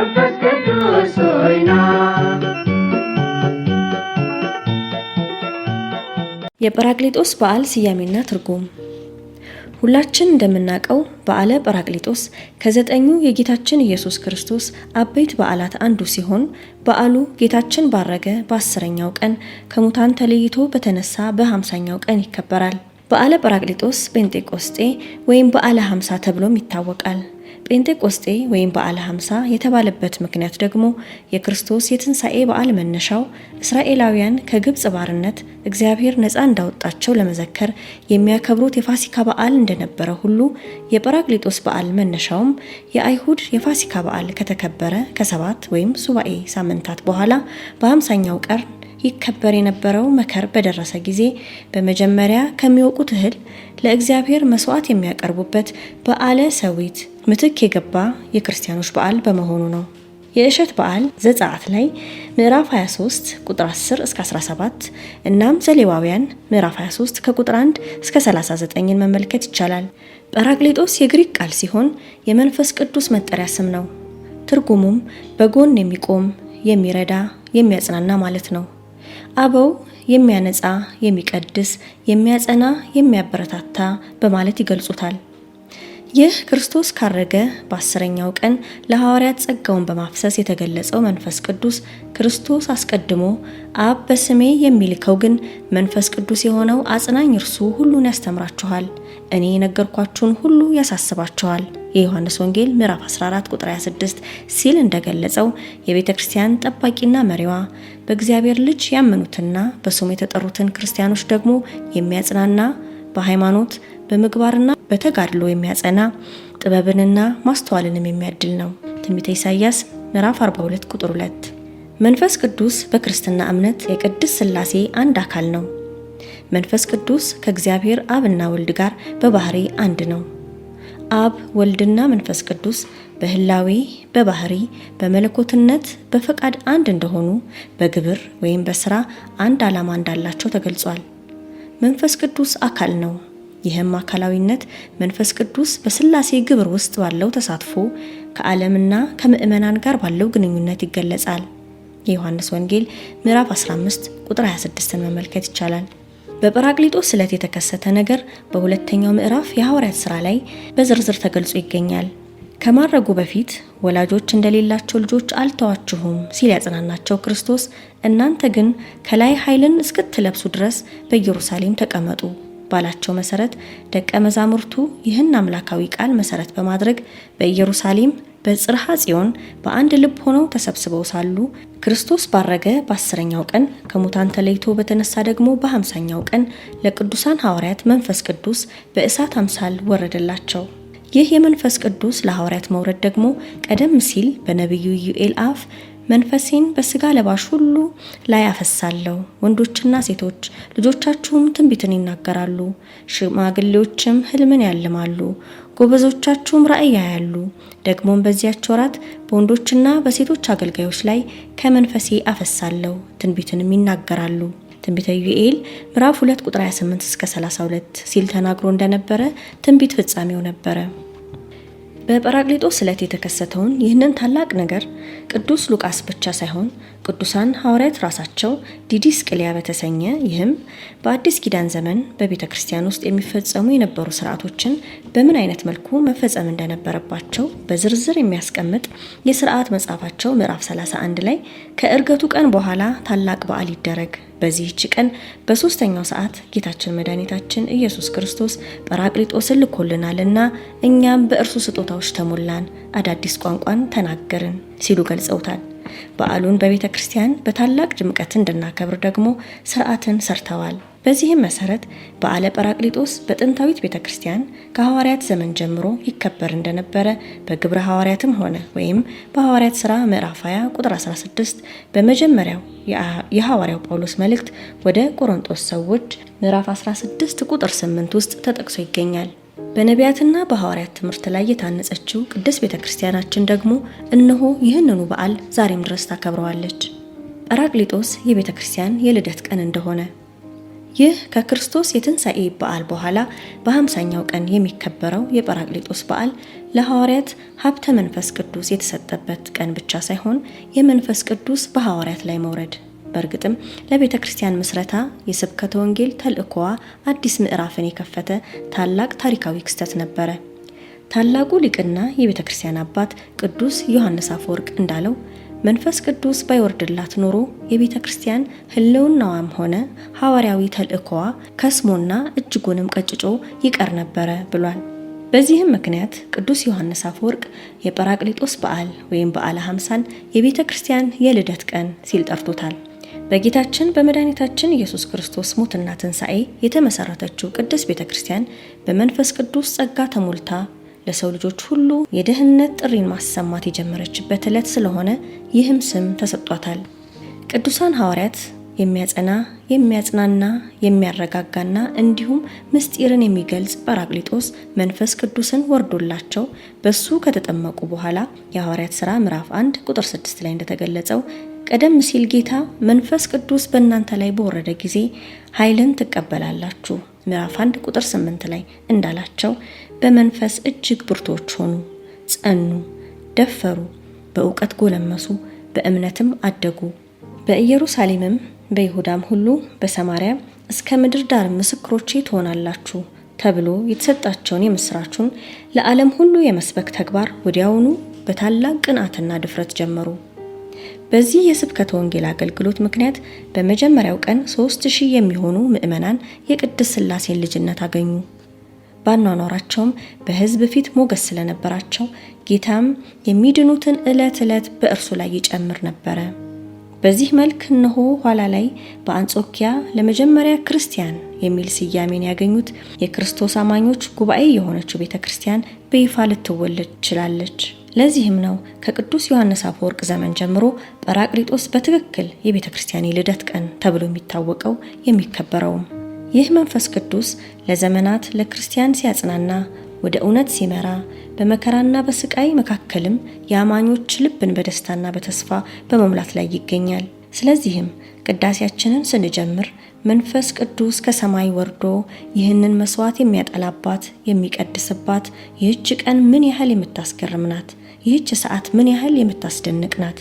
መንፈስ ቅዱስ ሆይና የጰራቅሊጦስ በዓል ስያሜና ትርጉም ሁላችን እንደምናውቀው በዓለ ጰራቅሊጦስ ከዘጠኙ የጌታችን ኢየሱስ ክርስቶስ አበይት በዓላት አንዱ ሲሆን በዓሉ ጌታችን ባረገ በአስረኛው ቀን ከሙታን ተለይቶ በተነሳ በሃምሳኛው ቀን ይከበራል። በዓለ ጰራቅሊጦስ ጴንጤቆስጤ ወይም በዓለ ሃምሳ ተብሎም ይታወቃል። ጴንጤቆስጤ ወይም በዓለ ሀምሳ የተባለበት ምክንያት ደግሞ የክርስቶስ የትንሣኤ በዓል መነሻው እስራኤላውያን ከግብፅ ባርነት እግዚአብሔር ነፃ እንዳወጣቸው ለመዘከር የሚያከብሩት የፋሲካ በዓል እንደነበረ ሁሉ የጰራቅሊጦስ በዓል መነሻውም የአይሁድ የፋሲካ በዓል ከተከበረ ከሰባት ወይም ሱባኤ ሳምንታት በኋላ በአምሳኛው ቀር ይከበር የነበረው መከር በደረሰ ጊዜ በመጀመሪያ ከሚወቁት እህል ለእግዚአብሔር መስዋዕት የሚያቀርቡበት በዓለ ሰዊት ምትክ የገባ የክርስቲያኖች በዓል በመሆኑ ነው። የእሸት በዓል ዘጸአት ላይ ምዕራፍ 23 ቁጥር 10 እስከ 17 እናም ዘሌዋውያን ምዕራፍ 23 ከቁጥር 1 እስከ 39ን መመልከት ይቻላል። ጰራቅሊጦስ የግሪክ ቃል ሲሆን የመንፈስ ቅዱስ መጠሪያ ስም ነው። ትርጉሙም በጎን የሚቆም የሚረዳ፣ የሚያጽናና ማለት ነው። አበው የሚያነጻ፣ የሚቀድስ፣ የሚያጸና፣ የሚያበረታታ በማለት ይገልጹታል። ይህ ክርስቶስ ካረገ በአስረኛው ቀን ለሐዋርያት ጸጋውን በማፍሰስ የተገለጸው መንፈስ ቅዱስ ክርስቶስ አስቀድሞ አብ በስሜ የሚልከው ግን መንፈስ ቅዱስ የሆነው አጽናኝ እርሱ ሁሉን ያስተምራችኋል እኔ የነገርኳችሁን ሁሉ ያሳስባቸዋል። የዮሐንስ ወንጌል ምዕራፍ 14 ቁጥር 26 ሲል እንደገለጸው የቤተ ክርስቲያን ጠባቂና መሪዋ በእግዚአብሔር ልጅ ያመኑትና በስሙ የተጠሩትን ክርስቲያኖች ደግሞ የሚያጽናና በሃይማኖት በምግባርና በተጋድሎ የሚያጸና ጥበብንና ማስተዋልንም የሚያድል ነው። ትንቢተ ኢሳይያስ ምዕራፍ 42 ቁጥር 2። መንፈስ ቅዱስ በክርስትና እምነት የቅድስት ሥላሴ አንድ አካል ነው። መንፈስ ቅዱስ ከእግዚአብሔር አብና ወልድ ጋር በባህሪ አንድ ነው። አብ ወልድና መንፈስ ቅዱስ በህላዊ በባህሪ በመለኮትነት በፈቃድ አንድ እንደሆኑ በግብር ወይም በስራ አንድ ዓላማ እንዳላቸው ተገልጿል። መንፈስ ቅዱስ አካል ነው። ይህም አካላዊነት መንፈስ ቅዱስ በስላሴ ግብር ውስጥ ባለው ተሳትፎ ከዓለምና ከምዕመናን ጋር ባለው ግንኙነት ይገለጻል። የዮሐንስ ወንጌል ምዕራፍ 15 ቁጥር 26ን መመልከት ይቻላል። በጰራቅሊጦስ ስለት የተከሰተ ነገር በሁለተኛው ምዕራፍ የሐዋርያት ሥራ ላይ በዝርዝር ተገልጾ ይገኛል። ከማረጉ በፊት ወላጆች እንደሌላቸው ልጆች አልተዋችሁም ሲል ያጽናናቸው ክርስቶስ እናንተ ግን ከላይ ኃይልን እስክትለብሱ ድረስ በኢየሩሳሌም ተቀመጡ ባላቸው መሰረት ደቀ መዛሙርቱ ይህን አምላካዊ ቃል መሰረት በማድረግ በኢየሩሳሌም በጽርሐ ጽዮን በአንድ ልብ ሆነው ተሰብስበው ሳሉ ክርስቶስ ባረገ በአስረኛው ቀን ከሙታን ተለይቶ በተነሳ ደግሞ በሀምሳኛው ቀን ለቅዱሳን ሐዋርያት መንፈስ ቅዱስ በእሳት አምሳል ወረደላቸው። ይህ የመንፈስ ቅዱስ ለሐዋርያት መውረድ ደግሞ ቀደም ሲል በነቢዩ ኢዩኤል አፍ መንፈሴን በስጋ ለባሽ ሁሉ ላይ አፈሳለሁ፣ ወንዶችና ሴቶች ልጆቻችሁም ትንቢትን ይናገራሉ፣ ሽማግሌዎችም ህልምን ያልማሉ፣ ጎበዞቻችሁም ራእይ ያያሉ። ደግሞም በዚያች ወራት በወንዶችና በሴቶች አገልጋዮች ላይ ከመንፈሴ አፈሳለሁ፣ ትንቢትንም ይናገራሉ ትንቢተ ዩኤል ምዕራፍ 2 ቁጥር 28 እስከ 32 ሲል ተናግሮ እንደነበረ ትንቢት ፍጻሜው ነበረ። በጰራቅሊጦስ ዕለት የተከሰተውን ይህንን ታላቅ ነገር ቅዱስ ሉቃስ ብቻ ሳይሆን ቅዱሳን ሐዋርያት ራሳቸው ዲዲስቅልያ በተሰኘ ይህም በአዲስ ኪዳን ዘመን በቤተ ክርስቲያን ውስጥ የሚፈጸሙ የነበሩ ስርዓቶችን በምን አይነት መልኩ መፈጸም እንደነበረባቸው በዝርዝር የሚያስቀምጥ የስርዓት መጽሐፋቸው ምዕራፍ 31 ላይ ከእርገቱ ቀን በኋላ ታላቅ በዓል ይደረግ፣ በዚህች ቀን በሦስተኛው ሰዓት ጌታችን መድኃኒታችን ኢየሱስ ክርስቶስ ጰራቅሊጦስን ልኮልናልና እኛም በእርሱ ስጦታዎች ተሞላን፣ አዳዲስ ቋንቋን ተናገርን ሲሉ ገልጸውታል። በዓሉን በቤተ ክርስቲያን በታላቅ ድምቀት እንድናከብር ደግሞ ስርዓትን ሰርተዋል። በዚህም መሰረት በዓለ ጰራቅሊጦስ በጥንታዊት ቤተ ክርስቲያን ከሐዋርያት ዘመን ጀምሮ ይከበር እንደነበረ በግብረ ሐዋርያትም ሆነ ወይም በሐዋርያት ሥራ ምዕራፍ 20 ቁጥር 16 በመጀመሪያው የሐዋርያው ጳውሎስ መልእክት ወደ ቆሮንጦስ ሰዎች ምዕራፍ 16 ቁጥር 8 ውስጥ ተጠቅሶ ይገኛል። በነቢያትና በሐዋርያት ትምህርት ላይ የታነጸችው ቅድስት ቤተ ክርስቲያናችን ደግሞ እነሆ ይህንኑ በዓል ዛሬም ድረስ ታከብረዋለች። ጰራቅሊጦስ የቤተ ክርስቲያን የልደት ቀን እንደሆነ ይህ ከክርስቶስ የትንሣኤ በዓል በኋላ በሃምሳኛው ቀን የሚከበረው የጰራቅሊጦስ በዓል ለሐዋርያት ሀብተ መንፈስ ቅዱስ የተሰጠበት ቀን ብቻ ሳይሆን የመንፈስ ቅዱስ በሐዋርያት ላይ መውረድ በእርግጥም ለቤተ ክርስቲያን ምስረታ የስብከተ ወንጌል ተልእኮዋ አዲስ ምዕራፍን የከፈተ ታላቅ ታሪካዊ ክስተት ነበረ። ታላቁ ሊቅና የቤተ ክርስቲያን አባት ቅዱስ ዮሐንስ አፈወርቅ እንዳለው መንፈስ ቅዱስ ባይወርድላት ኖሮ የቤተ ክርስቲያን ህልውናዋም ሆነ ሐዋርያዊ ተልእኮዋ ከስሞና እጅጉንም ቀጭጮ ይቀር ነበረ ብሏል። በዚህም ምክንያት ቅዱስ ዮሐንስ አፈወርቅ የጰራቅሊጦስ በዓል ወይም በዓለ ሃምሳን የቤተ ክርስቲያን የልደት ቀን ሲል ጠርቶታል። በጌታችን በመድኃኒታችን ኢየሱስ ክርስቶስ ሞትና ትንሣኤ የተመሠረተችው ቅድስት ቤተ ክርስቲያን በመንፈስ ቅዱስ ጸጋ ተሞልታ ለሰው ልጆች ሁሉ የደህንነት ጥሪን ማሰማት የጀመረችበት ዕለት ስለሆነ ይህም ስም ተሰጥቷታል። ቅዱሳን ሐዋርያት የሚያጸና የሚያጽናና የሚያረጋጋና እንዲሁም ምስጢርን የሚገልጽ ጳራቅሊጦስ መንፈስ ቅዱስን ወርዶላቸው በሱ ከተጠመቁ በኋላ የሐዋርያት ሥራ ምዕራፍ 1 ቁጥር 6 ላይ እንደተገለጸው ቀደም ሲል ጌታ መንፈስ ቅዱስ በእናንተ ላይ በወረደ ጊዜ ኃይልን ትቀበላላችሁ ምዕራፍ 1 ቁጥር 8 ላይ እንዳላቸው በመንፈስ እጅግ ብርቶች ሆኑ፣ ጸኑ፣ ደፈሩ፣ በእውቀት ጎለመሱ፣ በእምነትም አደጉ። በኢየሩሳሌምም በይሁዳም ሁሉ በሰማርያም እስከ ምድር ዳር ምስክሮቼ ትሆናላችሁ ተብሎ የተሰጣቸውን የምስራቹን ለዓለም ሁሉ የመስበክ ተግባር ወዲያውኑ በታላቅ ቅንዓትና ድፍረት ጀመሩ። በዚህ የስብከተ ወንጌል አገልግሎት ምክንያት በመጀመሪያው ቀን ሶስት ሺህ የሚሆኑ ምዕመናን የቅድስት ሥላሴን ልጅነት አገኙ። ባኗኗራቸውም በሕዝብ ፊት ሞገስ ስለነበራቸው ጌታም የሚድኑትን ዕለት ዕለት በእርሱ ላይ ይጨምር ነበረ። በዚህ መልክ እነሆ ኋላ ላይ በአንጾኪያ ለመጀመሪያ ክርስቲያን የሚል ስያሜን ያገኙት የክርስቶስ አማኞች ጉባኤ የሆነችው ቤተ ክርስቲያን በይፋ ልትወለድ ችላለች። ለዚህም ነው ከቅዱስ ዮሐንስ አፈወርቅ ዘመን ጀምሮ ጰራቅሊጦስ በትክክል የቤተ ክርስቲያን ልደት ቀን ተብሎ የሚታወቀው የሚከበረውም። ይህ መንፈስ ቅዱስ ለዘመናት ለክርስቲያን ሲያጽናና፣ ወደ እውነት ሲመራ፣ በመከራና በስቃይ መካከልም የአማኞች ልብን በደስታና በተስፋ በመሙላት ላይ ይገኛል። ስለዚህም ቅዳሴያችንን ስንጀምር መንፈስ ቅዱስ ከሰማይ ወርዶ ይህንን መስዋዕት የሚያጠላባት የሚቀድስባት ይህች ቀን ምን ያህል የምታስገርም ናት! ይህች ሰዓት ምን ያህል የምታስደንቅ ናት!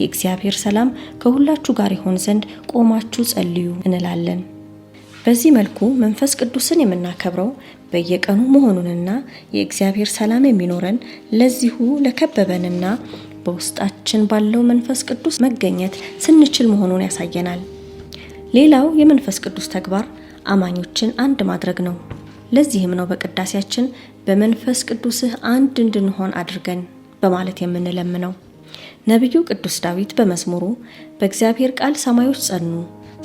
የእግዚአብሔር ሰላም ከሁላችሁ ጋር ይሆን ዘንድ ቆማችሁ ጸልዩ እንላለን። በዚህ መልኩ መንፈስ ቅዱስን የምናከብረው በየቀኑ መሆኑንና የእግዚአብሔር ሰላም የሚኖረን ለዚሁ ለከበበንና በውስጣችን ባለው መንፈስ ቅዱስ መገኘት ስንችል መሆኑን ያሳየናል። ሌላው የመንፈስ ቅዱስ ተግባር አማኞችን አንድ ማድረግ ነው። ለዚህም ነው በቅዳሴያችን በመንፈስ ቅዱስህ አንድ እንድንሆን አድርገን በማለት የምንለምነው። ነቢዩ ቅዱስ ዳዊት በመዝሙሩ በእግዚአብሔር ቃል ሰማዮች ጸኑ፣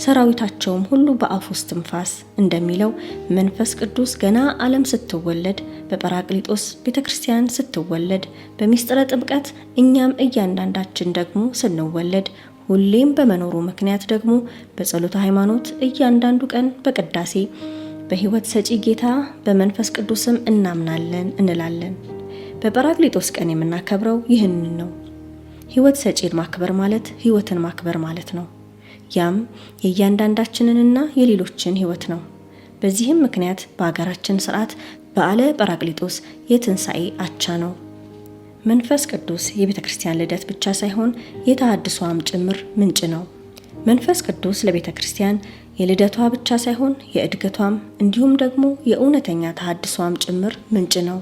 ሰራዊታቸውም ሁሉ በአፉ እስትንፋስ እንደሚለው መንፈስ ቅዱስ ገና ዓለም ስትወለድ በጰራቅሊጦስ ቤተ ክርስቲያን ስትወለድ በሚስጥረ ጥምቀት እኛም እያንዳንዳችን ደግሞ ስንወለድ ሁሌም በመኖሩ ምክንያት ደግሞ በጸሎተ ሃይማኖት እያንዳንዱ ቀን በቅዳሴ በሕይወት ሰጪ ጌታ በመንፈስ ቅዱስም እናምናለን እንላለን። በጰራቅሊጦስ ቀን የምናከብረው ይህንን ነው። ሕይወት ሰጪን ማክበር ማለት ሕይወትን ማክበር ማለት ነው። ያም የእያንዳንዳችንንና የሌሎችን ሕይወት ነው። በዚህም ምክንያት በሀገራችን ስርዓት በዓለ ጰራቅሊጦስ የትንሣኤ አቻ ነው። መንፈስ ቅዱስ የቤተ ክርስቲያን ልደት ብቻ ሳይሆን የተሃድሷም ጭምር ምንጭ ነው። መንፈስ ቅዱስ ለቤተ ክርስቲያን የልደቷ ብቻ ሳይሆን የእድገቷም እንዲሁም ደግሞ የእውነተኛ ተሃድሷም ጭምር ምንጭ ነው።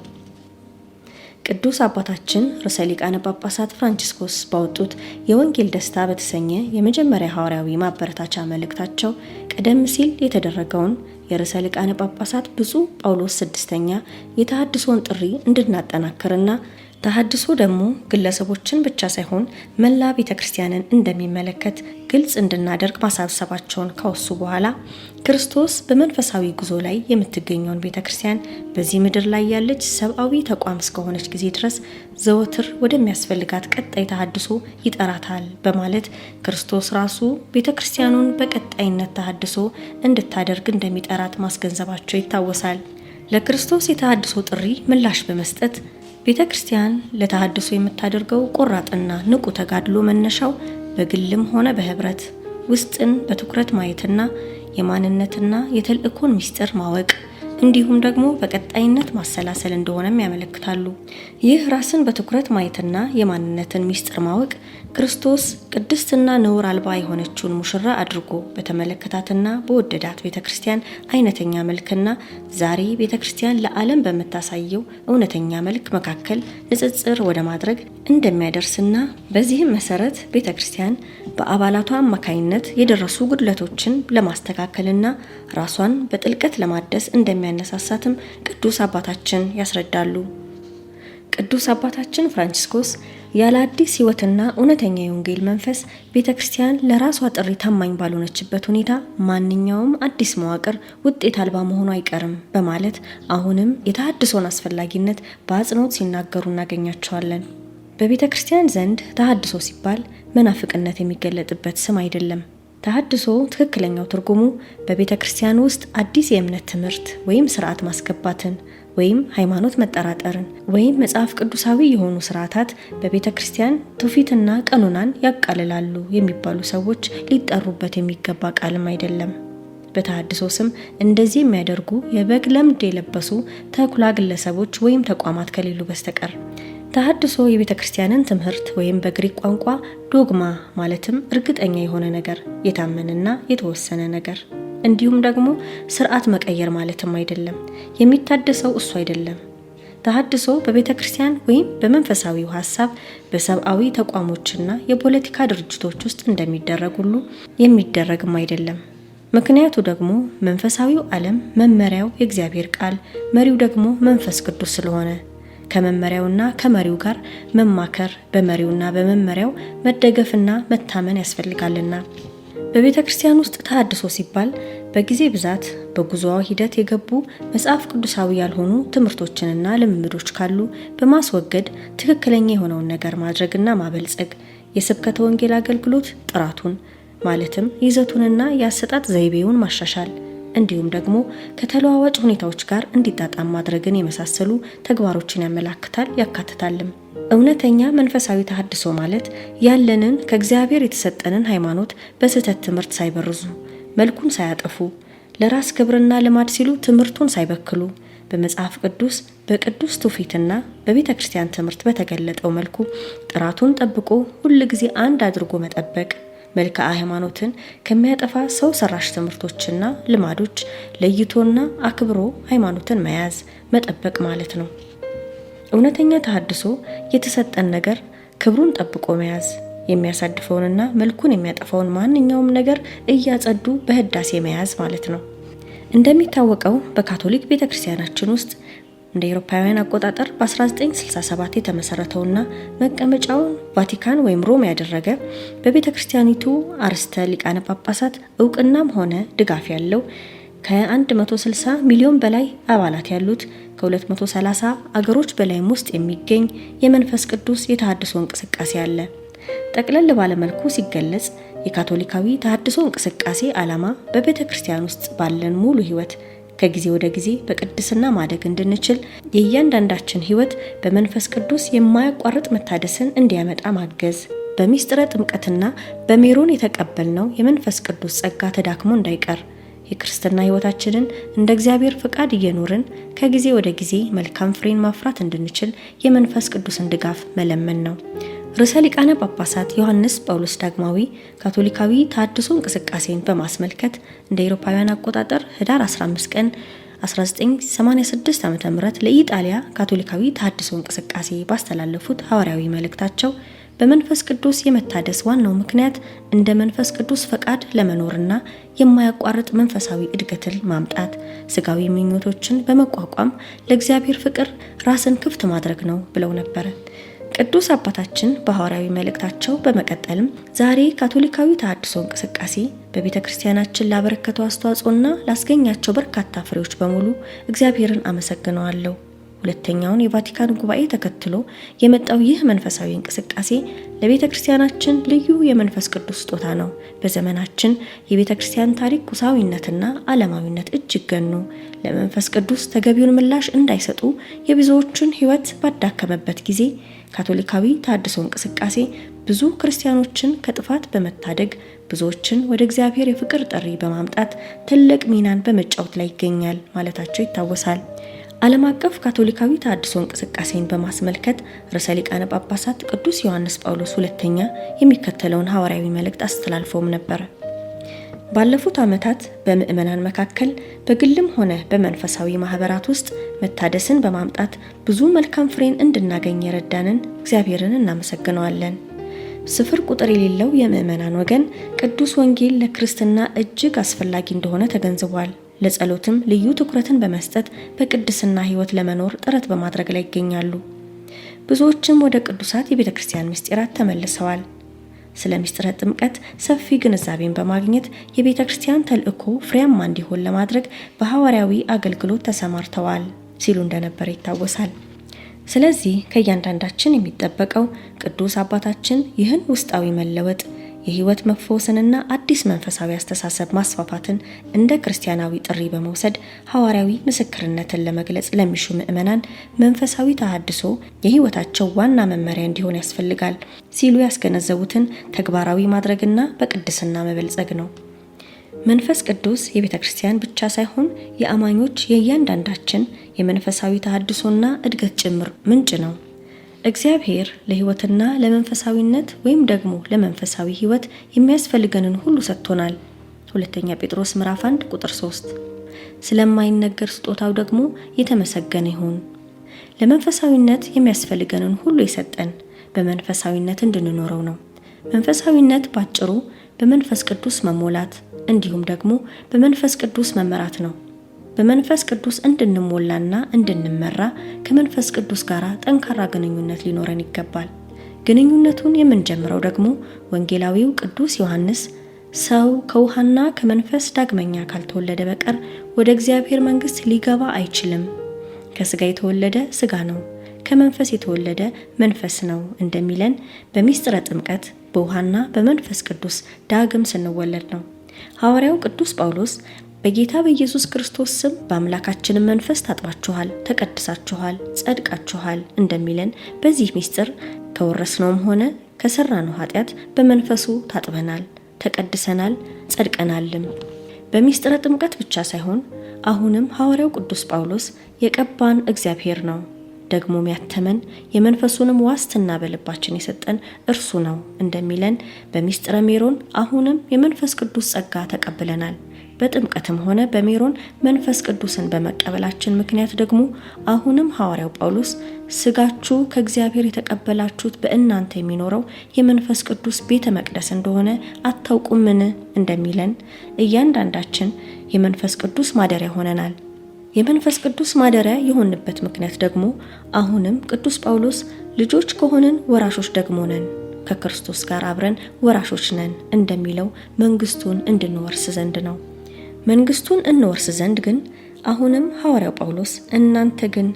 ቅዱስ አባታችን ርዕሰ ሊቃነ ጳጳሳት ፍራንቺስኮስ ባወጡት የወንጌል ደስታ በተሰኘ የመጀመሪያ ሐዋርያዊ ማበረታቻ መልእክታቸው ቀደም ሲል የተደረገውን የርዕሰ ሊቃነ ጳጳሳት ብፁዕ ጳውሎስ ስድስተኛ የተሃድሶን ጥሪ እንድናጠናክርና ተሐድሶ ደግሞ ግለሰቦችን ብቻ ሳይሆን መላ ቤተ ክርስቲያንን እንደሚመለከት ግልጽ እንድናደርግ ማሳሰባቸውን ካወሱ በኋላ ክርስቶስ በመንፈሳዊ ጉዞ ላይ የምትገኘውን ቤተ ክርስቲያን በዚህ ምድር ላይ ያለች ሰብአዊ ተቋም እስከሆነች ጊዜ ድረስ ዘወትር ወደሚያስፈልጋት ቀጣይ ተሐድሶ ይጠራታል በማለት ክርስቶስ ራሱ ቤተ ክርስቲያኑን በቀጣይነት ተሐድሶ እንድታደርግ እንደሚጠራት ማስገንዘባቸው ይታወሳል። ለክርስቶስ የተሐድሶ ጥሪ ምላሽ በመስጠት ቤተ ክርስቲያን ለተሃድሶ የምታደርገው ቆራጥና ንቁ ተጋድሎ መነሻው በግልም ሆነ በህብረት ውስጥን በትኩረት ማየትና የማንነትና የተልእኮን ምስጢር ማወቅ እንዲሁም ደግሞ በቀጣይነት ማሰላሰል እንደሆነም ያመለክታሉ። ይህ ራስን በትኩረት ማየትና የማንነትን ምስጢር ማወቅ ክርስቶስ ቅድስትና ነውር አልባ የሆነችውን ሙሽራ አድርጎ በተመለከታትና በወደዳት ቤተ ክርስቲያን አይነተኛ መልክና ዛሬ ቤተ ክርስቲያን ለዓለም በምታሳየው እውነተኛ መልክ መካከል ንጽጽር ወደ ማድረግ እንደሚያደርስና በዚህም መሰረት ቤተ ክርስቲያን በአባላቷ አማካኝነት የደረሱ ጉድለቶችን ለማስተካከልና ራሷን በጥልቀት ለማደስ እንደሚያነሳሳትም ቅዱስ አባታችን ያስረዳሉ። ቅዱስ አባታችን ፍራንቺስኮስ ያለ አዲስ ህይወትና እውነተኛ የወንጌል መንፈስ ቤተ ክርስቲያን ለራሷ ጥሪ ታማኝ ባልሆነችበት ሁኔታ ማንኛውም አዲስ መዋቅር ውጤት አልባ መሆኑ አይቀርም በማለት አሁንም የተሃድሶን አስፈላጊነት በአጽንኦት ሲናገሩ እናገኛቸዋለን። በቤተ ክርስቲያን ዘንድ ተሃድሶ ሲባል መናፍቅነት የሚገለጥበት ስም አይደለም። ተሃድሶ ትክክለኛው ትርጉሙ በቤተ ክርስቲያን ውስጥ አዲስ የእምነት ትምህርት ወይም ስርዓት ማስገባትን ወይም ሃይማኖት መጠራጠርን ወይም መጽሐፍ ቅዱሳዊ የሆኑ ስርዓታት በቤተ ክርስቲያን ትውፊትና ቀኖናን ያቃልላሉ የሚባሉ ሰዎች ሊጠሩበት የሚገባ ቃልም አይደለም። በተሃድሶ ስም እንደዚህ የሚያደርጉ የበግ ለምድ የለበሱ ተኩላ ግለሰቦች ወይም ተቋማት ከሌሉ በስተቀር ተሃድሶ የቤተ ክርስቲያንን ትምህርት ወይም በግሪክ ቋንቋ ዶግማ ማለትም እርግጠኛ የሆነ ነገር፣ የታመነና የተወሰነ ነገር እንዲሁም ደግሞ ስርዓት መቀየር ማለትም አይደለም። የሚታደሰው እሱ አይደለም። ተሃድሶ በቤተ ክርስቲያን ወይም በመንፈሳዊው ሀሳብ በሰብአዊ ተቋሞችና የፖለቲካ ድርጅቶች ውስጥ እንደሚደረግ ሁሉ የሚደረግም አይደለም። ምክንያቱ ደግሞ መንፈሳዊው ዓለም መመሪያው የእግዚአብሔር ቃል፣ መሪው ደግሞ መንፈስ ቅዱስ ስለሆነ ከመመሪያውና ከመሪው ጋር መማከር በመሪውና በመመሪያው መደገፍና መታመን ያስፈልጋልና በቤተ ክርስቲያን ውስጥ ተሐድሶ ሲባል በጊዜ ብዛት በጉዞዋ ሂደት የገቡ መጽሐፍ ቅዱሳዊ ያልሆኑ ትምህርቶችንና ልምምዶች ካሉ በማስወገድ ትክክለኛ የሆነውን ነገር ማድረግና ማበልጸግ፣ የስብከተ ወንጌል አገልግሎት ጥራቱን ማለትም ይዘቱንና የአሰጣጥ ዘይቤውን ማሻሻል እንዲሁም ደግሞ ከተለዋዋጭ ሁኔታዎች ጋር እንዲጣጣም ማድረግን የመሳሰሉ ተግባሮችን ያመላክታል ያካትታልም። እውነተኛ መንፈሳዊ ተሃድሶ ማለት ያለንን ከእግዚአብሔር የተሰጠንን ሃይማኖት በስህተት ትምህርት ሳይበርዙ መልኩን ሳያጠፉ ለራስ ክብርና ልማድ ሲሉ ትምህርቱን ሳይበክሉ በመጽሐፍ ቅዱስ በቅዱስ ትውፊትና በቤተ ክርስቲያን ትምህርት በተገለጠው መልኩ ጥራቱን ጠብቆ ሁል ጊዜ አንድ አድርጎ መጠበቅ መልክዓ ሃይማኖትን ከሚያጠፋ ሰው ሰራሽ ትምህርቶችና ልማዶች ለይቶና አክብሮ ሃይማኖትን መያዝ መጠበቅ ማለት ነው። እውነተኛ ተሃድሶ የተሰጠን ነገር ክብሩን ጠብቆ መያዝ የሚያሳድፈውንና መልኩን የሚያጠፋውን ማንኛውም ነገር እያጸዱ በህዳሴ መያዝ ማለት ነው። እንደሚታወቀው በካቶሊክ ቤተ ክርስቲያናችን ውስጥ እንደ ኤሮፓውያን አቆጣጠር በ1967 የተመሰረተውና መቀመጫውን ቫቲካን ወይም ሮም ያደረገ በቤተ ክርስቲያኒቱ አርስተ ሊቃነ ጳጳሳት እውቅናም ሆነ ድጋፍ ያለው ከ160 ሚሊዮን በላይ አባላት ያሉት ከ230 አገሮች በላይም ውስጥ የሚገኝ የመንፈስ ቅዱስ የተሃድሶ እንቅስቃሴ አለ። ጠቅለል ባለመልኩ ሲገለጽ የካቶሊካዊ ተሃድሶ እንቅስቃሴ ዓላማ በቤተ ክርስቲያን ውስጥ ባለን ሙሉ ህይወት። ከጊዜ ወደ ጊዜ በቅድስና ማደግ እንድንችል የእያንዳንዳችን ሕይወት በመንፈስ ቅዱስ የማያቋርጥ መታደስን እንዲያመጣ ማገዝ በሚስጥረ ጥምቀትና በሜሮን የተቀበልነው የመንፈስ ቅዱስ ጸጋ ተዳክሞ እንዳይቀር የክርስትና ህይወታችንን እንደ እግዚአብሔር ፍቃድ እየኖርን ከጊዜ ወደ ጊዜ መልካም ፍሬን ማፍራት እንድንችል የመንፈስ ቅዱስን ድጋፍ መለመን ነው። ርዕሰ ሊቃነ ጳጳሳት ዮሐንስ ጳውሎስ ዳግማዊ ካቶሊካዊ ተሐድሶ እንቅስቃሴን በማስመልከት እንደ ኤሮፓውያን አቆጣጠር ህዳር 15 ቀን 1986 ዓ.ም ለኢጣሊያ ካቶሊካዊ ተሐድሶ እንቅስቃሴ ባስተላለፉት ሐዋርያዊ መልእክታቸው በመንፈስ ቅዱስ የመታደስ ዋናው ምክንያት እንደ መንፈስ ቅዱስ ፈቃድ ለመኖርና የማያቋርጥ መንፈሳዊ እድገትን ማምጣት፣ ስጋዊ ምኞቶችን በመቋቋም ለእግዚአብሔር ፍቅር ራስን ክፍት ማድረግ ነው ብለው ነበረ። ቅዱስ አባታችን በሐዋርያዊ መልእክታቸው በመቀጠልም ዛሬ ካቶሊካዊ ተሐድሶ እንቅስቃሴ በቤተ ክርስቲያናችን ላበረከተው አስተዋጽኦና ላስገኛቸው በርካታ ፍሬዎች በሙሉ እግዚአብሔርን አመሰግነዋለሁ። ሁለተኛውን የቫቲካን ጉባኤ ተከትሎ የመጣው ይህ መንፈሳዊ እንቅስቃሴ ለቤተ ክርስቲያናችን ልዩ የመንፈስ ቅዱስ ስጦታ ነው። በዘመናችን የቤተ ክርስቲያን ታሪክ ቁሳዊነትና ዓለማዊነት እጅግ ገኑ ለመንፈስ ቅዱስ ተገቢውን ምላሽ እንዳይሰጡ የብዙዎቹን ሕይወት ባዳከመበት ጊዜ ካቶሊካዊ ታድሶ እንቅስቃሴ ብዙ ክርስቲያኖችን ከጥፋት በመታደግ ብዙዎችን ወደ እግዚአብሔር የፍቅር ጥሪ በማምጣት ትልቅ ሚናን በመጫወት ላይ ይገኛል ማለታቸው ይታወሳል። ዓለም አቀፍ ካቶሊካዊ ተሃድሶ እንቅስቃሴን በማስመልከት ርዕሰ ሊቃነ ጳጳሳት ቅዱስ ዮሐንስ ጳውሎስ ሁለተኛ የሚከተለውን ሐዋርያዊ መልእክት አስተላልፈውም ነበር። ባለፉት ዓመታት በምዕመናን መካከል በግልም ሆነ በመንፈሳዊ ማህበራት ውስጥ መታደስን በማምጣት ብዙ መልካም ፍሬን እንድናገኝ የረዳንን እግዚአብሔርን እናመሰግነዋለን። ስፍር ቁጥር የሌለው የምዕመናን ወገን ቅዱስ ወንጌል ለክርስትና እጅግ አስፈላጊ እንደሆነ ተገንዝቧል። ለጸሎትም ልዩ ትኩረትን በመስጠት በቅድስና ሕይወት ለመኖር ጥረት በማድረግ ላይ ይገኛሉ። ብዙዎችም ወደ ቅዱሳት የቤተ ክርስቲያን ምስጢራት ተመልሰዋል። ስለ ምስጢረ ጥምቀት ሰፊ ግንዛቤን በማግኘት የቤተ ክርስቲያን ተልእኮ ፍሬያማ እንዲሆን ለማድረግ በሐዋርያዊ አገልግሎት ተሰማርተዋል ሲሉ እንደነበረ ይታወሳል። ስለዚህ ከእያንዳንዳችን የሚጠበቀው ቅዱስ አባታችን ይህን ውስጣዊ መለወጥ የህይወት መፈወስንና አዲስ መንፈሳዊ አስተሳሰብ ማስፋፋትን እንደ ክርስቲያናዊ ጥሪ በመውሰድ ሐዋርያዊ ምስክርነትን ለመግለጽ ለሚሹ ምዕመናን መንፈሳዊ ተሃድሶ የህይወታቸው ዋና መመሪያ እንዲሆን ያስፈልጋል ሲሉ ያስገነዘቡትን ተግባራዊ ማድረግና በቅድስና መበልጸግ ነው። መንፈስ ቅዱስ የቤተ ክርስቲያን ብቻ ሳይሆን የአማኞች የእያንዳንዳችን የመንፈሳዊ ተሃድሶና እድገት ጭምር ምንጭ ነው። እግዚአብሔር ለህይወትና ለመንፈሳዊነት ወይም ደግሞ ለመንፈሳዊ ህይወት የሚያስፈልገንን ሁሉ ሰጥቶናል። ሁለተኛ ጴጥሮስ ምዕራፍ 1 ቁጥር 3። ስለማይነገር ስጦታው ደግሞ የተመሰገነ ይሁን። ለመንፈሳዊነት የሚያስፈልገንን ሁሉ የሰጠን በመንፈሳዊነት እንድንኖረው ነው። መንፈሳዊነት ባጭሩ በመንፈስ ቅዱስ መሞላት እንዲሁም ደግሞ በመንፈስ ቅዱስ መመራት ነው። በመንፈስ ቅዱስ እንድንሞላና እንድንመራ ከመንፈስ ቅዱስ ጋር ጠንካራ ግንኙነት ሊኖረን ይገባል። ግንኙነቱን የምንጀምረው ደግሞ ወንጌላዊው ቅዱስ ዮሐንስ ሰው ከውሃና ከመንፈስ ዳግመኛ ካልተወለደ በቀር ወደ እግዚአብሔር መንግሥት ሊገባ አይችልም፣ ከሥጋ የተወለደ ሥጋ ነው፣ ከመንፈስ የተወለደ መንፈስ ነው እንደሚለን በሚስጥረ ጥምቀት በውሃና በመንፈስ ቅዱስ ዳግም ስንወለድ ነው። ሐዋርያው ቅዱስ ጳውሎስ በጌታ በኢየሱስ ክርስቶስ ስም በአምላካችን መንፈስ ታጥባችኋል፣ ተቀድሳችኋል፣ ጸድቃችኋል እንደሚለን በዚህ ምስጢር ከወረስነውም ሆነ ከሰራነው ኃጢአት በመንፈሱ ታጥበናል፣ ተቀድሰናል፣ ጸድቀናልም። በምስጢረ ጥምቀት ብቻ ሳይሆን አሁንም ሐዋርያው ቅዱስ ጳውሎስ የቀባን እግዚአብሔር ነው ደግሞም ያተመን የመንፈሱንም ዋስትና በልባችን የሰጠን እርሱ ነው እንደሚለን በምስጢረ ሜሮን አሁንም የመንፈስ ቅዱስ ጸጋ ተቀብለናል። በጥምቀትም ሆነ በሜሮን መንፈስ ቅዱስን በመቀበላችን ምክንያት ደግሞ አሁንም ሐዋርያው ጳውሎስ ስጋችሁ ከእግዚአብሔር የተቀበላችሁት በእናንተ የሚኖረው የመንፈስ ቅዱስ ቤተ መቅደስ እንደሆነ አታውቁምን እንደሚለን እያንዳንዳችን የመንፈስ ቅዱስ ማደሪያ ሆነናል። የመንፈስ ቅዱስ ማደሪያ የሆንበት ምክንያት ደግሞ አሁንም ቅዱስ ጳውሎስ ልጆች ከሆንን ወራሾች ደግሞ ነን ከክርስቶስ ጋር አብረን ወራሾች ነን እንደሚለው መንግስቱን እንድንወርስ ዘንድ ነው። መንግስቱን እንወርስ ዘንድ ግን አሁንም ሐዋርያው ጳውሎስ እናንተ ግን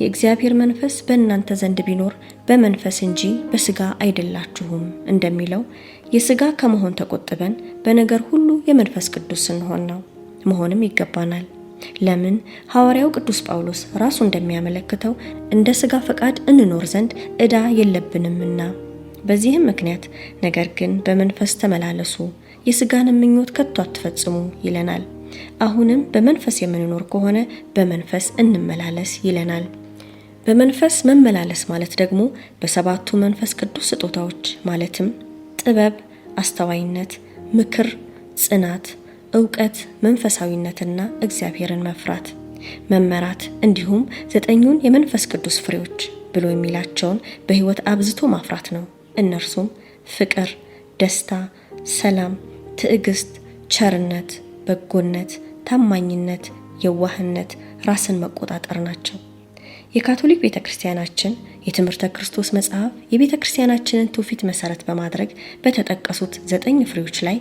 የእግዚአብሔር መንፈስ በእናንተ ዘንድ ቢኖር በመንፈስ እንጂ በስጋ አይደላችሁም እንደሚለው የስጋ ከመሆን ተቆጥበን በነገር ሁሉ የመንፈስ ቅዱስ ስንሆን ነው መሆንም ይገባናል። ለምን ሐዋርያው ቅዱስ ጳውሎስ ራሱ እንደሚያመለክተው እንደ ስጋ ፈቃድ እንኖር ዘንድ ዕዳ የለብንምና። በዚህም ምክንያት ነገር ግን በመንፈስ ተመላለሱ፣ የስጋን ምኞት ከቶ አትፈጽሙ ይለናል። አሁንም በመንፈስ የምንኖር ከሆነ በመንፈስ እንመላለስ ይለናል። በመንፈስ መመላለስ ማለት ደግሞ በሰባቱ መንፈስ ቅዱስ ስጦታዎች ማለትም ጥበብ፣ አስተዋይነት፣ ምክር፣ ጽናት፣ እውቀት፣ መንፈሳዊነትና እግዚአብሔርን መፍራት መመራት እንዲሁም ዘጠኙን የመንፈስ ቅዱስ ፍሬዎች ብሎ የሚላቸውን በሕይወት አብዝቶ ማፍራት ነው። እነርሱም ፍቅር፣ ደስታ፣ ሰላም፣ ትዕግስት፣ ቸርነት በጎነት፣ ታማኝነት፣ የዋህነት፣ ራስን መቆጣጠር ናቸው። የካቶሊክ ቤተ ክርስቲያናችን የትምህርተ ክርስቶስ መጽሐፍ የቤተ ክርስቲያናችንን ትውፊት መሰረት በማድረግ በተጠቀሱት ዘጠኝ ፍሬዎች ላይ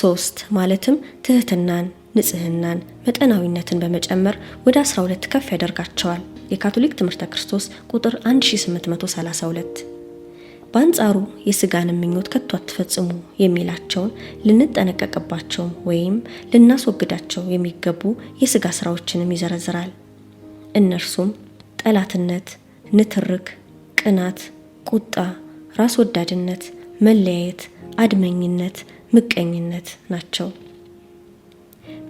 ሶስት ማለትም ትህትናን፣ ንጽህናን፣ መጠናዊነትን በመጨመር ወደ 12 ከፍ ያደርጋቸዋል። የካቶሊክ ትምህርተ ክርስቶስ ቁጥር 1832 በአንጻሩ የስጋንም ምኞት ከቶ አትፈጽሙ የሚላቸውን ልንጠነቀቅባቸው ወይም ልናስወግዳቸው የሚገቡ የስጋ ስራዎችንም ይዘረዝራል። እነርሱም ጠላትነት፣ ንትርክ፣ ቅናት፣ ቁጣ፣ ራስ ወዳድነት፣ መለያየት፣ አድመኝነት፣ ምቀኝነት ናቸው።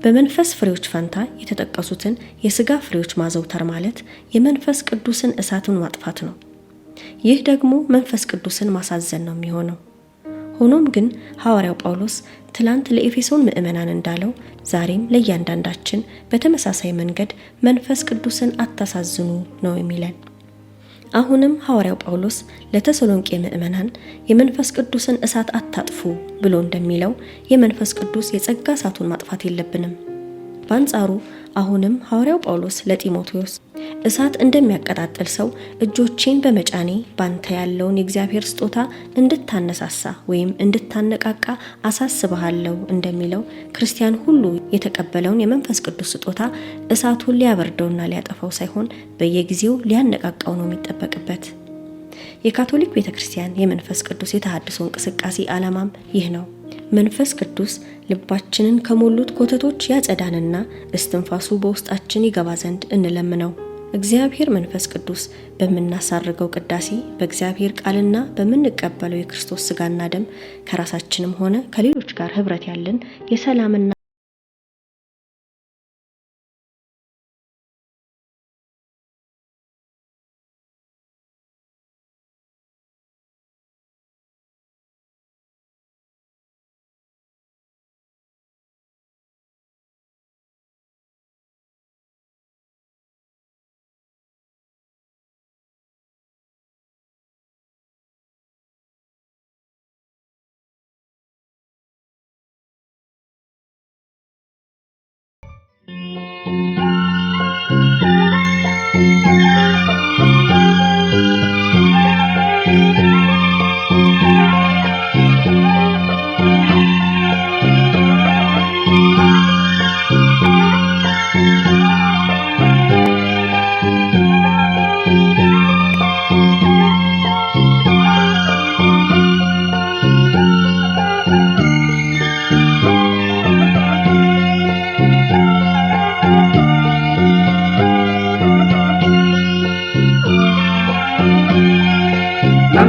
በመንፈስ ፍሬዎች ፈንታ የተጠቀሱትን የስጋ ፍሬዎች ማዘውተር ማለት የመንፈስ ቅዱስን እሳትን ማጥፋት ነው። ይህ ደግሞ መንፈስ ቅዱስን ማሳዘን ነው የሚሆነው። ሆኖም ግን ሐዋርያው ጳውሎስ ትላንት ለኤፌሶን ምዕመናን እንዳለው ዛሬም ለእያንዳንዳችን በተመሳሳይ መንገድ መንፈስ ቅዱስን አታሳዝኑ ነው የሚለን። አሁንም ሐዋርያው ጳውሎስ ለተሰሎንቄ ምዕመናን የመንፈስ ቅዱስን እሳት አታጥፉ ብሎ እንደሚለው የመንፈስ ቅዱስ የጸጋ እሳቱን ማጥፋት የለብንም። በአንጻሩ አሁንም ሐዋርያው ጳውሎስ ለጢሞቴዎስ እሳት እንደሚያቀጣጥል ሰው እጆቼን በመጫኔ ባንተ ያለውን የእግዚአብሔር ስጦታ እንድታነሳሳ ወይም እንድታነቃቃ አሳስበሃለሁ እንደሚለው ክርስቲያን ሁሉ የተቀበለውን የመንፈስ ቅዱስ ስጦታ እሳቱን ሊያበርደውና ሊያጠፋው ሳይሆን በየጊዜው ሊያነቃቃው ነው የሚጠበቅበት። የካቶሊክ ቤተ ክርስቲያን የመንፈስ ቅዱስ የተሃድሶ እንቅስቃሴ ዓላማም ይህ ነው። መንፈስ ቅዱስ ልባችንን ከሞሉት ኮተቶች ያጸዳንና እስትንፋሱ በውስጣችን ይገባ ዘንድ እንለምነው። እግዚአብሔር መንፈስ ቅዱስ በምናሳርገው ቅዳሴ በእግዚአብሔር ቃልና በምንቀበለው የክርስቶስ ስጋና ደም ከራሳችንም ሆነ ከሌሎች ጋር ህብረት ያለን የሰላምና thank you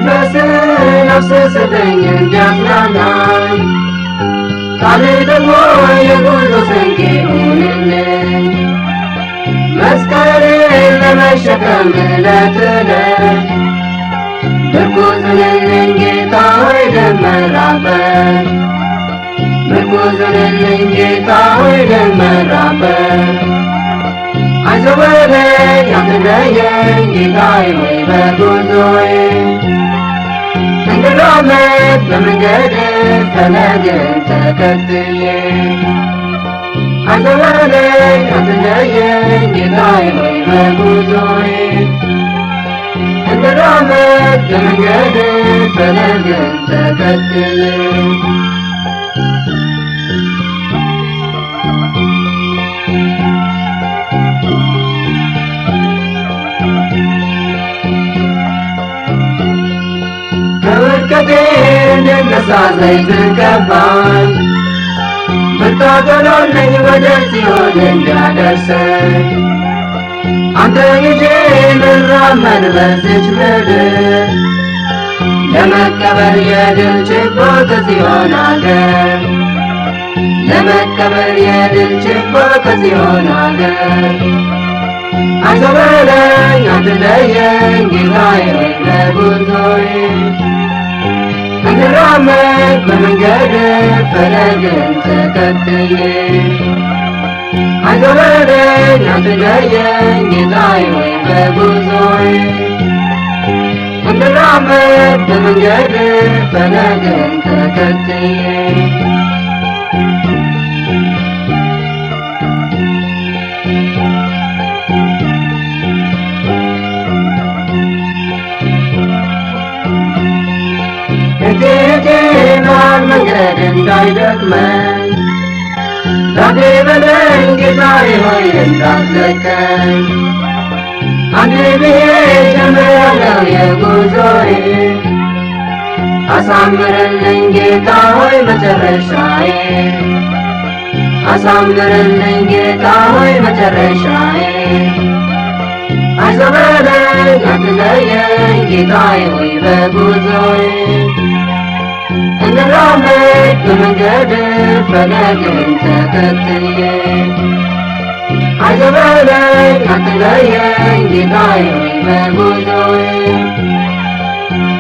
መንፈስ ነፍስ እንዲያጽናናኝ ቃል ደግሞ የጉዞ ስንቅ ይሁንልኝ መስቀልን ለመሸከም ዕለት ዕለት ምርኩዝንልኝ ጌታ ሆይ ልመራበት ምርኩዝንልኝ ጌታ ሆይ ልመራበት አይዞህ በለኝ አትለየኝ ጌታዬ ሆይ በጉዞዬ ኪሎ ሜትር በመንገድ ተነግን ተከትዬ አዘናለኝ አዘናየኝ ጌታዬ ሆይ በጉዞዬ በመንገድ ተነግን ተከትዬ ስብከቴ እንደነሳ ዘይት ቀባኝ ብታገሎልኝ ወደ ሲሆን የሚያደርሰኝ አንተ ይዤ ልራመድ በዚች ምድር ለመቀበል የድል ችቦ ከጽዮን አገር ለመቀበል የድል ችቦ ከጽዮን አገር አይዞህ በለኝ አትለየኝ ጌታዬ በጉዞዬ እንራመድ በመንገድ ፈለግን ተከትዬ አይዞበለኝ አትለየኝ ጌታዬ በጉዞዬ እንራመድ በመንገድ ፈለግን ተከትዬ መንገድ እንዳይደክመኝ ዳዴ በለኝ ጌታዬ ሆይ እንዳትለቀኝ አንዴ ብሄድ ጀምሬያለሁ የጉዞዬን አሳምርልኝ ጌታ ሆይ መጨረሻዬ አሳምርልኝ ጌታ ሆይ መጨረሻዬ አይዞህ በለኝ አትለየኝ ጌታዬ ሆይ በጉ መንገድ ፈለግን ተከትዬ አዘበለኝ አትለየኝ ጌታዬ በጉዞዬ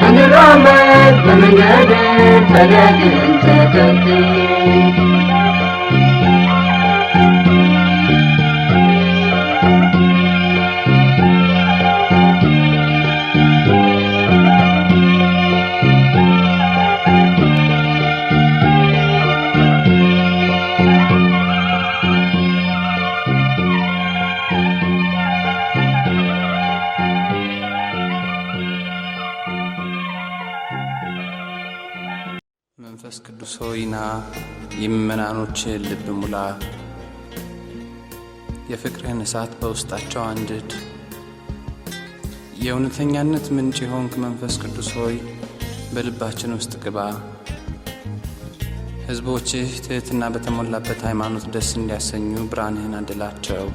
እንድራመድ በመንገድ ፈለግን ተከትዬ የምመናኖች ልብ ሙላ፣ የፍቅርህን እሳት በውስጣቸው አንድድ። የእውነተኛነት ምንጭ የሆንክ መንፈስ ቅዱስ ሆይ በልባችን ውስጥ ግባ። ሕዝቦችህ ትሕትና በተሞላበት ሃይማኖት ደስ እንዲያሰኙ ብርሃንህን አድላቸው።